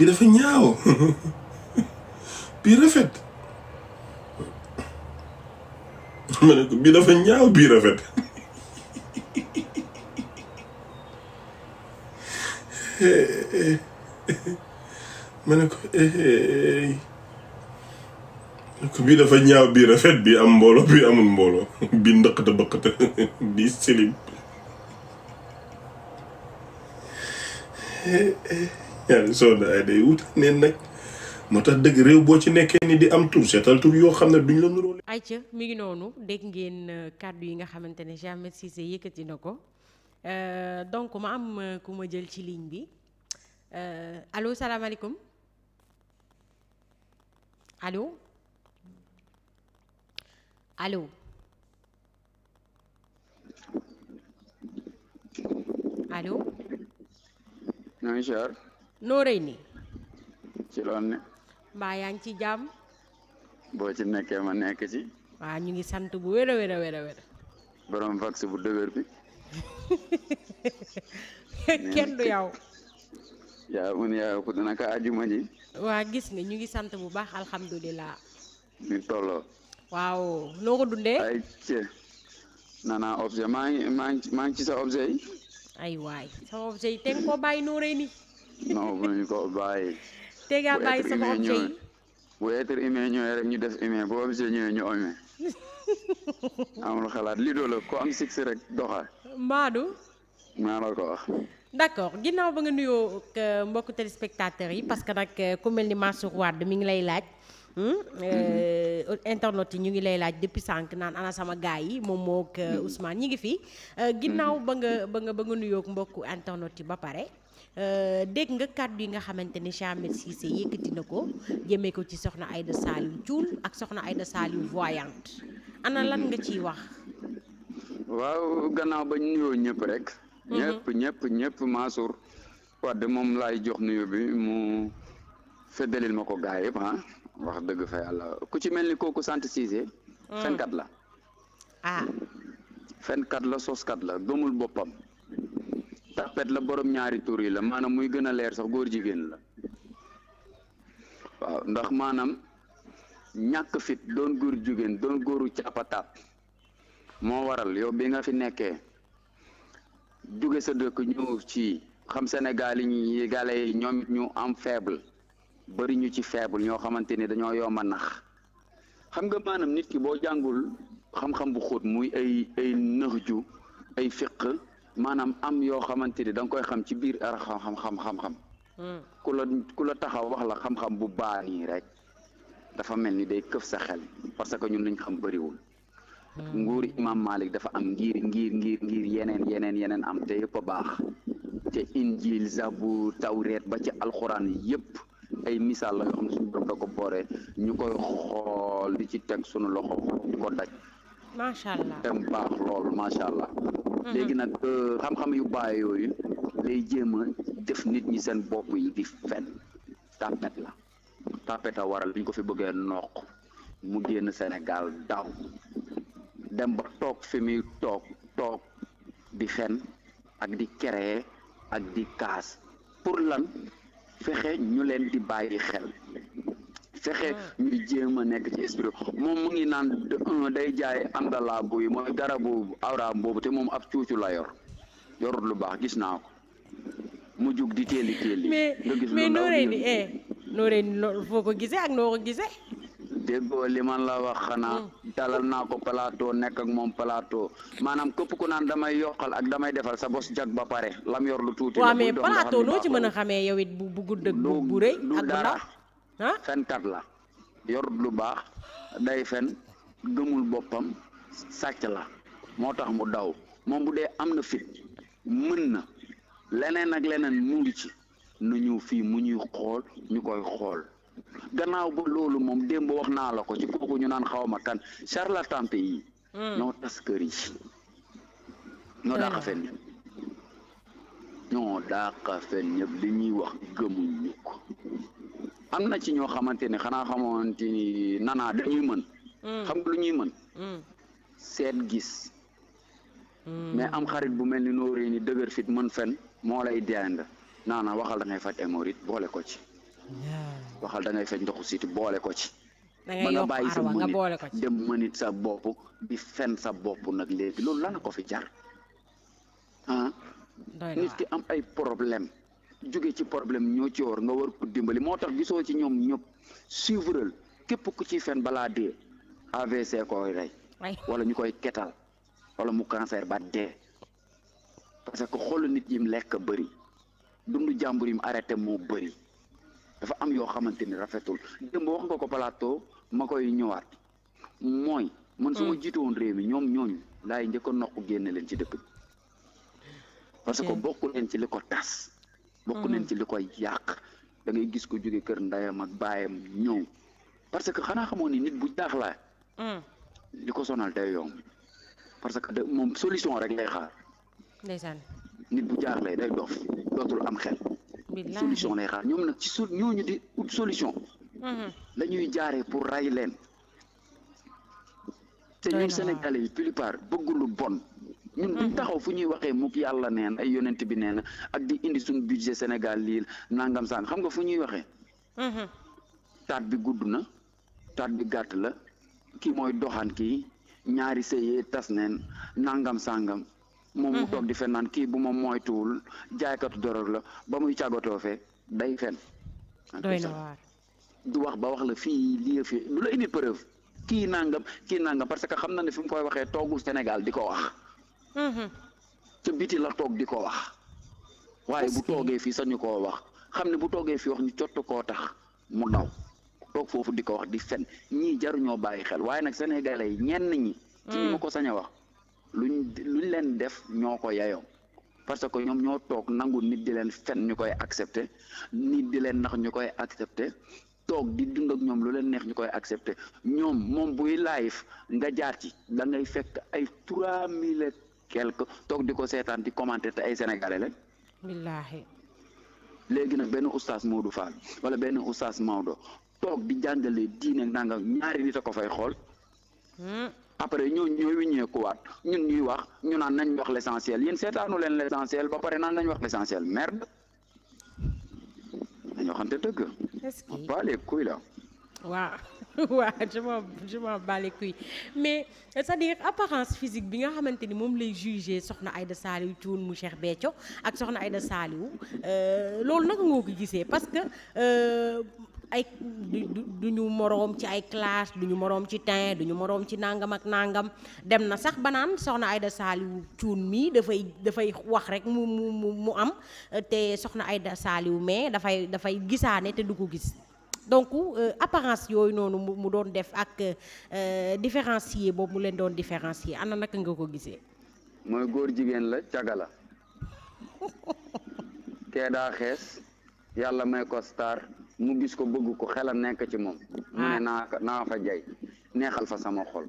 bi dafa ñaaw bii rafet ma ne ko bii dafa ñaaw bii rafet ma ne ko eh, bii dafa ñaaw bii rafet bii am mbooloo bii amul mbooloo bii ndëqata bëqata bii silim eh, eh. ñaari soxna ay day wut neen nag moo tax dëgg réew boo ci nekkee ni di am tur seetal tur yoo xam ne duñ la ay ayca mi ngi noonu dégg ngeen euh, kàddu yi nga xamante ne Jamil Cissé yëkkati na ko euh, donc ma am euh, ku ma jël ci ligne bi allo salaamaaleykum allo allo. allo. noo rëy nii ci loon ne mbaa yaa ngi ci jàmm boo ci nekkee ma nekk ci waaw ñu ngi sant bu wér a wér a wér a wér borom vax bu dëgër bi kenn du yow yaa mun yaa ko dana ka ajuma ji waa gis nga ñu ngi sant bu baax alhamdulilah ñu tolloo waaw noo ko dundee ay ci nana objet maa ngi maa ngi ci sa objet yi ay waay sa objet yi te nga koo bàyyi noo nii non bu ñu ko bàyyi. te bàyyi sama objet yi bu être humain ñëwee rek ñu def humain bu objet ñëwee ñu humain amul xalaat li doo la ko am six rek doxal. Mbadou. maa la ko wax. d' accord ginnaaw ba nga nuyoo euh, mbokku téléspectateurs yi parce que nag euh, ku mel mi ngi lay laaj. Hmm? Mm-hmm. Euh, internet yi ñu ngi lay laaj depuis sànq naan sama gaay yi moom moog mm-hmm. Ousmane ñi ngi fi. ginnaaw mm-hmm. ba nga ba nga ba nga nuyoog mbokku internet yi ba pare. Euh, dégg nga kàddu bi nga xamante ni Cheikh Ahmed na ko jëmee ko ci soxna Aïda Saliou juul ak soxna Aïda Saliou voyante ana lan nga ciy wax. waaw gannaaw ba ñu nuyoo ñëpp rek. Mhm. ñëpp ñëpp ñëpp Mansour Wade moom laay jox nuyu bi mu feddalil ma ko gaa yëpp ah. dëgg fa yàlla ku ci mel ni kooku sant Cissé. Mhm. fenkat la. ah fenkat la soskat la gëmul boppam. tapet la boroom ñaari turi la maanaam muy gën a leer sax góor jigéen la waaw ndax maanaam ñàkk fit doon góor jigéen doon góoru càppataat moo waral yow bi nga fi nekkee jóge sa dëkk ñëw ci xam Sénégal yi gale yi ñoom ñu am faible bari ñu ci faible ñoo xamante ni dañoo yomb xam nga maanaam nit ki boo jàngul xam-xam bu xóot muy ay ay nëx ju ay fiq maanaam am yoo xamante ni da nga koy xam ci biir ara xam xam xam hmm. ku la ku la taxaw wax la xam-xam bu baax nii rek dafa mel ni day këf sa xel parce que ñun liñ xam bariwul hmm. nguur imam Malik dafa am ngir ngir ngir ngir yeneen yeneen yeneen am te yëpp a baax te injil zabur tawreet ba ci alxuraan yëpp ay misaal la yoo xam ne suñu borom da ko booree ñu koy xool di ci teg suñu loxo di ko daj macha baax lool macha allah léegi mm-hmm. nag euh, xam-xam yu bàyyi yooyu day jéem def nit ñi seen bopp yi di fen tapet la tapet a waral bi ko fi bëggee nooq mu génn senegal daw dem ba toog fi muy toog toog di xen ak di créer ak di kaas pour lan fexe ñu leen di bàyyi xel fexe ah. ñuy jéem nekk ci esprit moom mu ngi naan day jaay àndalaa buy mooy garabu awraam boobu te moom ab cuucu la yor yorut lu baax gis naa ko mu jug di teeli teeli nga gis mais nooree eh, foo ko gisee ak noo ko gisee déggoo li la wax xanaa hmm. dalal naa ko plateau nekk ak moom plateau maanaam képp ku naan damay yokkal ak damay defal sa bos jag ba pare lam yor lu tuuti waaw mais plateau loo ci mën a xamee yow it bu bu gudd ak bu rëy ak bu Ah? fenkat la yorut lu baax day fen gëmul boppam sàcc la moo tax mu daw moom bu dee am na fit mën na leneen ak leneen mu ngi ci na ñëw fii mu ñuy xool ñu koy xool gannaaw ba loolu moom démb wax naa la ko ci kooku ñu naan xawma kan charlatan yi hmm. ñoo tas kër yi ñoo daaqa hmm. fen ñëpp ñoo daaqa fen ñëpp li ñuy wax gëmuñ ñu am na ci ñoo xamante ni xanaa xamante ni nanaa dañuy mën mm. xam nga lu ñuy mën mm. seet gis mm. mais am xarit bu mel ni nóorée ni dëgër fit mën fen moo lay dend naana waxal da faj hémorroïde boole ko ci waxal da ngay faj ndoxu siti boole ko ci ba nga bàyyi sa mënit dem mënit sa bopp di fen sa bopp nag léegi loolu lana ko fi jar ah nit ki am ay problème jóge ci problème ñoo ci war nga war ko dimbali moo tax gisoo ci ñoom ñëpp suivral képp ku ci fen balaa dee AVC koy rey wala ñu koy ketal wala mu cancer ba dee parce que xoolu nit yim lekk bëri dundu jàmbur yim arrêté moo bëri dafa am yoo xamante ni rafetul démb wax nga ko palaatoo ma koy ñëwaat mooy man su ma mm. jiite woon réew mi ñoom ñooñu laay njëkk a noq génne leen ci dëkk bi parce que bokk leen ci li ko tas bokk nañ mhm. ci li koy yàq da ngay gis ko jóge kër ndayam ak baayam ñëw parce que xanaa xamoon ni nit bu daax laa li mm. ko sonal day yomb parce que de moom solution rek lay xaar ndeysaan nit bu jaaxlee day dof dootul am xel solution lay xaar ñoom nag ci su ñooñu di ut solution lañuy mm-hmm. ñuy jaaree pour ray leen te ñun sénégalais yi plupart bëgg lu bon ñun duñ taxaw fu ñuy waxee muk yàlla neen ay yonent bi nee na ak di indi suñ budget Sénégal lii nangam sang xam nga fu ñuy waxee mm-hmm. taat bi gudd na taat bi gàtt la kii mooy doxaan kii ñaari sëyee tas neen nangam sangam moom mu mm-hmm. di fen naan bu ma moytuwul jaaykatu dorog la ba muy càggatoo fee day fen doy na du wax ba wax la fii lii fii lu la indi preuve kii nangam kii nangam parce que xam na ne fi mu koy waxee toogul Sénégal di ko wax Mm-hmm. ca biti la toog di ko wax waaye bu toogee fii sañu koo wax xam ne bu toogee fii wax ñu cott koo tax mu daw toog foofu di ko wax di fen ñii jaruñoo bàyyi xel waaye nag sénégalais yi ñenn ñi ci ñu mm. ma ko sañ a wax luñ luñ leen def ñoo ko yayoo parce que ñoom ñoo toog nangu nit di leen fen ñu koy accepté nit di leen nax ñu koy accepté toog di dund ak ñoom lu leen neex ñu koy accepté ñoom moom buy live nga jaar ci da ngay fekk ay trois mille quelque toog di ko seetaan di commenter te ay sénégalais lañ. billaahi. léegi nag benn oustaz Modou Fall wala benn oustaz Maodo toog di jàngale diine nanga ñaari nit a ko fay xool. Hmm. après ñoo ñooy wéññeekuwaat ñun ñuy wax ñu naan nañ wax l'essentiel yéen seetaanu leen l'essentiel ba pare naan nañ wax l'essentiel merde dañoo xamante dëgg. est-ce que kuy la. waaw je m'en je m'en bats les couilles mais c'est-à-dire apparence physique bi nga xamante ni moom lay juger soxna Aïda Saliou Thioune mu Cheikh Béthio ak soxna Aïda Saliou euh, loolu naka nga ko gisee parce que euh, ay ñu moroom ci ay classe ñu moroom ci du ñu moroom ci nangam ak nangam dem na sax banaan soxna ay Aïda Saliou Thioune mii dafay dafay wax rek mu mu mu am te soxna ay Aïda Saliou mais dafay dafay gisaane te du ko gis donc euh, apparence yooyu noonu mu doon def ak euh, différencier boobu mu leen doon différencier ana naka nga ko gisee. mooy góor jigéen la caga la kee daa xees yàlla may ko star mu gis ko bëgg ko xelam nekk ci moom. mu ne ah. naa naa fa jay neexal fa sama xol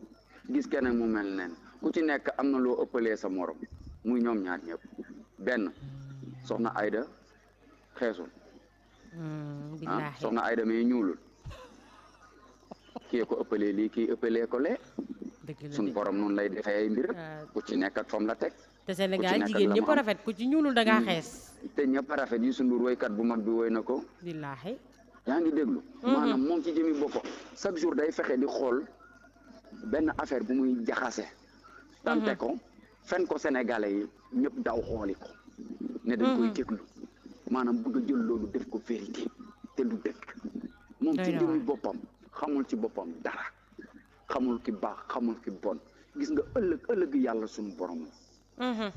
gis keneen mu mel neen ku ci nekk am na loo ëppalee sa moroom muy ñoom ñaar ñépp benn soxna Ayda xeesul. Mm, ah soxna Ayda mee ñuulul kii ko ëppalee lii kii ëppalee ko lee. suñ borom noonu lay defee ay mbir ah. ku ci nekk foom la teg. te Sénégal jigéen ñëpp rafet ku ci ñuulul da mm. xees. te ñëpp rafet yi sunu woykat bu mag bi woy na ko. billaahi. yaa ngi déglu. maanaam moom ci jëmi bokk chaque jour day fexe di xool benn affaire bu muy jaxase. dante mm-hmm. ko fen ko Sénégalais yi ñëpp daw xooli ko. ne dañ koy déglu. maanaam bëgg a jël loolu def ko vérité te du dëkk moom ci jëmmi boppam xamul ci boppam dara xamul ki baax xamul ki bon gis nga ëllëg ëllëg yàlla suñu borom la mhm.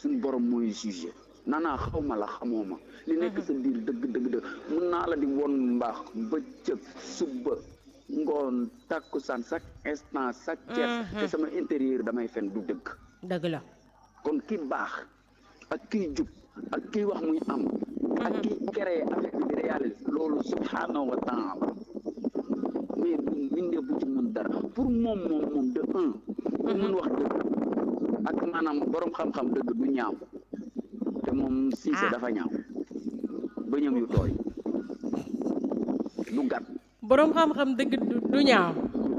suñu borom mooy jugé nanaa xawma la xamoo ma li nekk mhm. sa biir dëgg dëgg dëgg naa la di won mbaax bëccëg suba ngoon tàkkusaan chaque instant chaque mhm. tiers sama intérieur damay fen du dëgg kon ki baax ak kiy jub ak kiy wax muy am ak kiy créé affaire bi réalise loolu subhanahu wa mais bu mbindeef bu ci mun dara pour moom moom moom de un bu wax dëgg ak maanaam boroom xam-xam dëgg du ñaaw te moom siise dafa ñaaw ba ñëm yu tooy du gat borom xam-xam dëgg du ñaaw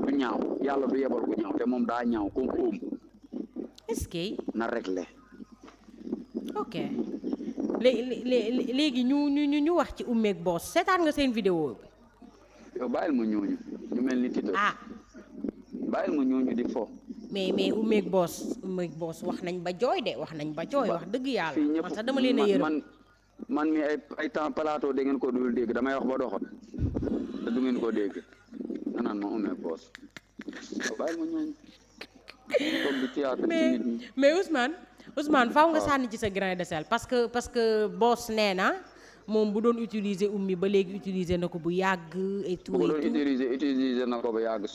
du ñaaw yàlla du yebal ku ñaaw te moom daa ñaaw ko óom na réglé ok léegi ñu ñu ñu wax ci Oumeg Boss seetaan nga seen vidéo bi. yow bàyyil mu ñooñu ñu mel ni Tito. ah bàyyil mu ñooñu di fo. mais mais Oumeg boos Oumeg boos wax nañ ba jooy de wax nañ ba jooy wax dëgg yàlla. man sax dama leen a yërëm man mi ay ay temps plateau da ngeen ko dul dégg damay wax ba doxoon te du ngeen ko dégg naan ma Oumeg Boss yow bàyyil ma ñooñu. mais mais Ousmane. Ousmane faaw nga sànni ci sa grain de sel parce que parce que boss nee na moom bu doon utiliser ummi ba léegi utiliser na ko bu yàgg et tout bu doon utiliser utiliser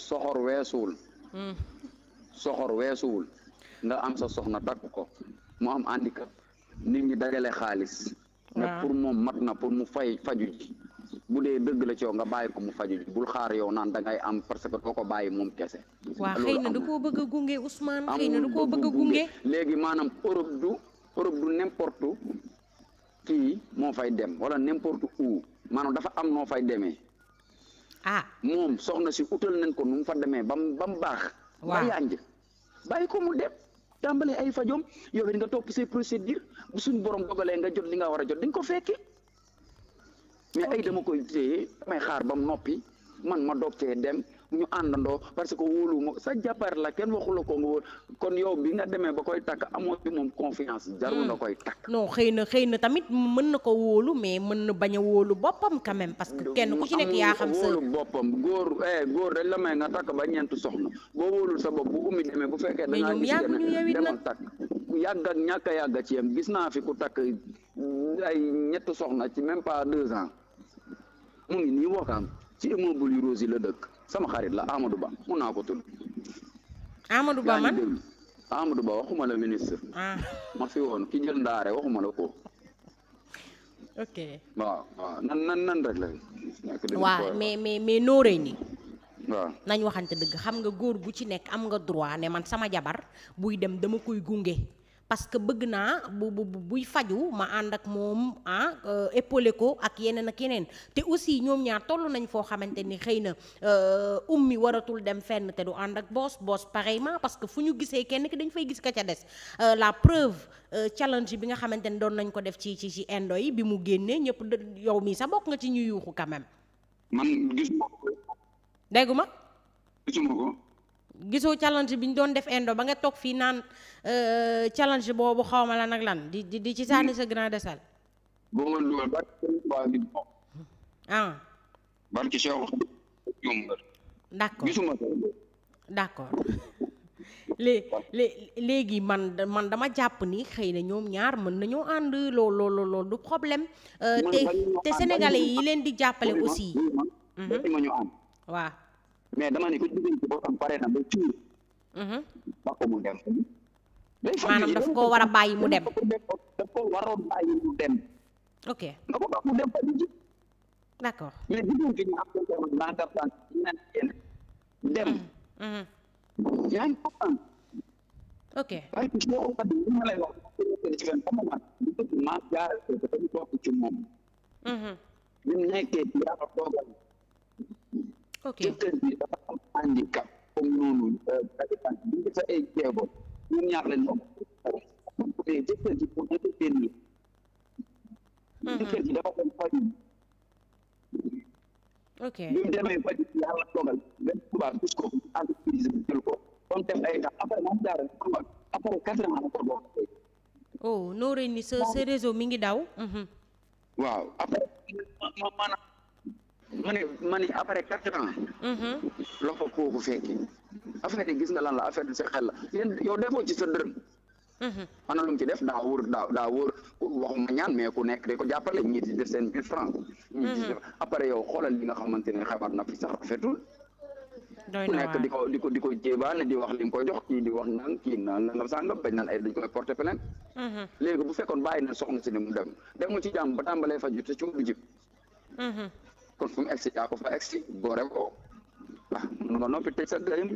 soxor weesuwul hmm. soxor weesuwul nga am sa soxna takk ko mu am handicap nit ñi dajale xaalis ne pour moom mat na pour mu fay faju ji bu dee dëgg la ci yow nga bàyyi ko mu faju bul xaar yow naan da am parce que doo ko bàyyi moom kese. waa xëy na koo bëgg a gunge Ousmane. xëy na koo bëgg a léegi maanaam Europe du Europe du n'importe moo fay dem wala n'importe où maanaam dafa am noo fay demee. ah moom soxna si utal nañ ko nu mu fa demee ba mu ba mu baax. waaw ba yànj bàyyi ko mu dem. tàmbale ay fajom yow nga topp say procédure bu suñ borom dogalee nga jot li nga war a jot di nga ko fekkee. mais ay dama koy téye damay xaar ba mu noppi man ma doog cee dem ñu àndandoo parce que wóoluwuma sa jàppar la kenn waxula la ko nga wóor kon yow bi nga demee ba koy takk amoo ci moom confiance. jarul na hmm. koy takk. non xëy na xëy na tamit mën na ko wóolu mais mën na bañ a wóolu boppam quand même parce que kenn ku ci nekk yaa xam sa wóolu boppam góor eh, góor rek la may nga takk ba ñeent soxna boo wóolul sa bopp bu ummi demee bu fekkee. da ngaa gis demee demal takk yàgg ak ñàkk a ci yam gis naa fi ku takk ay ñett soxna ci même pas deux ans. mu ngi nii waxaam ci immeuble yu rose yi la dëkk sama xarit la amadu Ba mun naa ko tudd. Amadou Ba man Ba waxuma la ministre. Ah. ma fi woon ki jël ndaare waxuma la ko. ok waaw waaw nan nan rek la. waaw mais mais mais nooree nii. waaw nañ waxante dëgg xam nga góor gu ci nekk am nga droit ne man sama jabar buy dem dama koy gunge. parce que bëgg naa bu bu buy faju ma ànd ak moom ah euh, épaulé ko ak yeneen ak yeneen te aussi ñoom ñaar toll nañu foo xamante ni xëy na euh, mi waratul dem fenn te du ànd ak boos boos pareillement parce que fu ñu gisee kenn ki dañu fay gis ka ca des euh, la preuve challenge bi nga xamante ni doon nañ ko def ci ci ci indo yi bi mu génnee ñëpp yow mii sax bokk nga ci ñu yuuxu quand même. ma. gisoo challenge bi ñu doon def indo ba nga toog fii naan euh, challenge boobu xawma ma lan ak lan di di di ci sànni sa grand desal. boo ma dugal ah. barke d'accord léegi man man dama jàpp ni xëy na ñoom ñaar mën nañoo ànd lool lool lool du problème. Euh, te te sénégalais yi leen di jàppale aussi. Mhm. waaw. mais dama ne ko jigéen ci boppam pare na ba cuur mhm. ko daf ko war a bàyyi mu dem daf ko waroon bàyyi mu dem ok nga ko ba mu dem fa ji mais jigéen ci ko lantartan ñaan kenn dem mhm. Mhm. yaa ngi ko am ok waaye ci boo ko dem ma lay wax ci fen comme man ko ma jaar ko ci moom ñu nekkee ci yaa ko toogal ok secteur bi dafa am handicap comme noonu par exemple bu ñu defee ay jéego ñun ñaar leen moom mais jëkkër ji pour intervenir jëkkër ji dafa dem faju ok bi mu demee faju yàlla ay temps après moom daara après quatre ans ko doon oh noo rëy réseau mi ngi daw waaw après maanaam ma ne ma ne après quatre ans. Mm-hmm. loxo kooku fekki affaire yi gis nga lan la affaire bi sa xel la yéen yow defoo ci sa dërëm. Mm-hmm. ana lu mu ci def daa wóor daa daa wóor waxuma ñaan mais ku nekk de ko jàppale ñii seen biir franc. Mm-hmm. yow xoolal li nga xamante ne xabaar na fi sax rafetul. ku nekk di ko di ko di ko jébaane di wax li nga koy jox kii di wax nang kii na nangam sàngam bañ naan ay dañ koy porter plainte. léegi bu fekkoon bàyyi na soxna si ne mu dem demul ci jàmm ba tàmbalee faju te coow du jib kon fu mu egsi yaa ko fa egsi boore ko waaw mun nga noppi teg sa dayam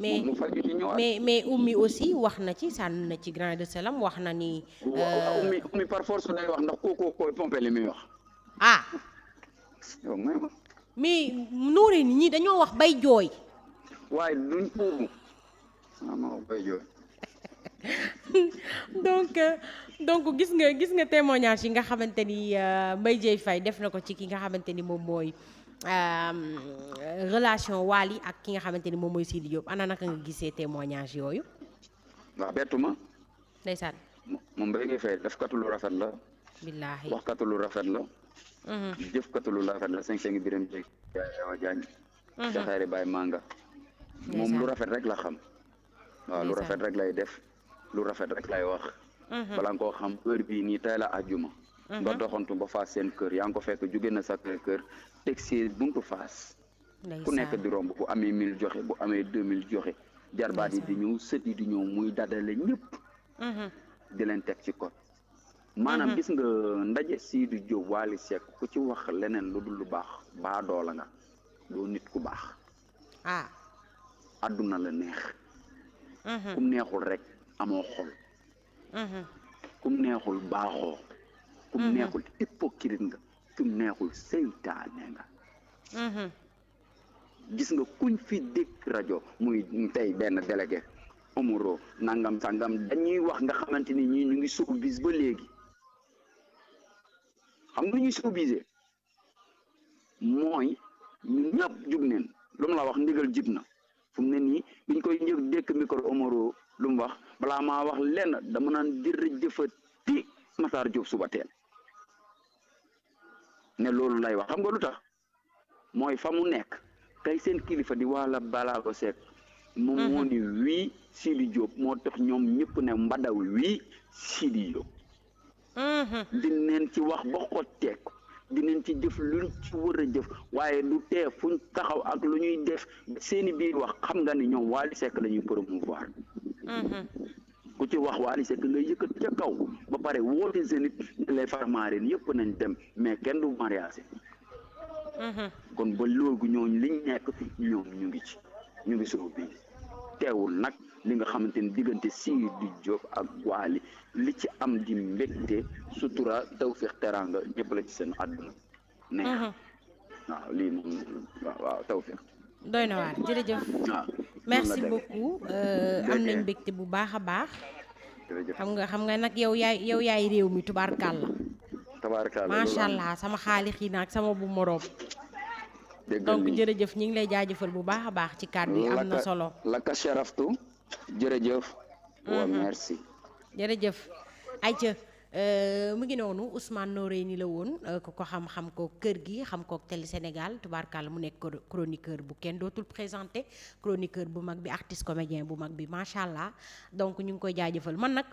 mais mais mais ummi aussi wax na ci sànn na ci Grand de Salam wax na ni. Euh, ummi ummi par force day wax ndax kooku koy pompé li muy wax. ah. mais nooree nit ñi dañoo wax bay jooy. waaye duñ puuru. waaw ma wax bay jooy. donc. Euh, donc gis nga gis nga témoignage yi nga xamante ni euh, Mbaye Dieye Faye def na ko ci ki nga xamante ni moom mooy euh, relation waal yi ak ki nga xamante ni moom mooy Sidi Diop ana naka nga gisee témoignage yooyu. waaw bettuma. ma moom Mbaye Dieye Faye defkatu lu rafet la. billaahi waxkatu lu rafet la. Mm-hmm. jëfkatu lu rafet la sëñ sëñ Birame Dieng. Awa Diagne. Jaxaari mm-hmm. Baye moom lu rafet rek la xam. waaw lu rafet rek lay def lu rafet rek lay wax. Mhm. balaa nga xam heure bii nii tey la ajjuma mhm. nga doxantu ba faas seen kër yaa ngi ko fekk jóge na sa kër teg see buntu faas ku nekk di romb bu amee mille joxe bu amee deux mille joxe jarbaat yi di ñëw sët yi di ñëw muy dadale ñëpp mhm. di leen teg ci kot maanaam gis nga ndaje Sidy Diop Wally Seck ku ci wax leneen lu dul lu baax baa doola nga doo nit ku baax adduna ah. la neex kum neexul rek amoo xol Mm-hmm. kum neexul baaxoo kum mm-hmm. neexul hypocrite nga kum neexul seytaane nga mm-hmm. gis nga kuñ fi dégg rajo muy tey benn délégué amuro nangam sangam dañuy wax nga xamante ni ñii ñu ngi showbiz ba léegi xam nga ñuy showbizé mooy ñu ñëpp jub neen lu mu la wax ndigal jib na fu mu ne nii biñ koy njëkk dékk micro amuro lu mu wax balaa maa wax lenn dama naan jërëjëfati Matar Diop suba teel ne loolu lay wax xam nga lu tax mooy fa mu nekk tey seen kilifa di Wally Ballago Seck moom moo mhm. ni wii Sidi Diop moo tax ñoom ñëpp ne mbadaw wii Sidi Diop mhm. dineen ci wax ba xotteek dinañ ci jëf luñ ci war jëf waaye du tee fuñ taxaw ak lu ñuy def seeni biir wax xam nga ni ñoom Wally Seck la ñuy promouvoir ku ci wax Wally Seck nga yëkkat ca kaw ba pare woote sa nit les farmarin yëpp nañ dem mais kenn du mariage mhm. kon ba loogu ñooñ liñ nekk ñoom ñu ngi ci ñu ngi soo bii teewul nag li nga xamante ni diggante Sidy Diop ak Wally li ci am di mbekk mbégte sutura tawfeex teraanga ñëpp la ci seen àdduna neex mhm. waaw lii moom waaw tawfeex doy na waar jërëjëf waaw merci beaucoup euh, am nañ mbégte bu baax a baax. xam nga xam nga nag yow yaay yow yaay réew mi tubaarkàlla. tubaarkàlla macha allah sama xaalix yi nag sama bu moroom. donc jërëjëf ñu ngi lay jaajëfal bu baax a baax ci kàddu yi am na solo. laka sharaftu jërëjëf. Mhm. waa merci. jërëjëf Euh, mu ngi noonu Ousmane Noreyni la woon euh, ku ko xam xam ko kër gi xam ko Télé Sénégal tubaarkàlla mu nekk chroniqueur bu kenn dootul présenté chroniqueur bu mag bi artiste comédien bu mag bi macha allah donc ñu ngi koy jaajëfal man nag.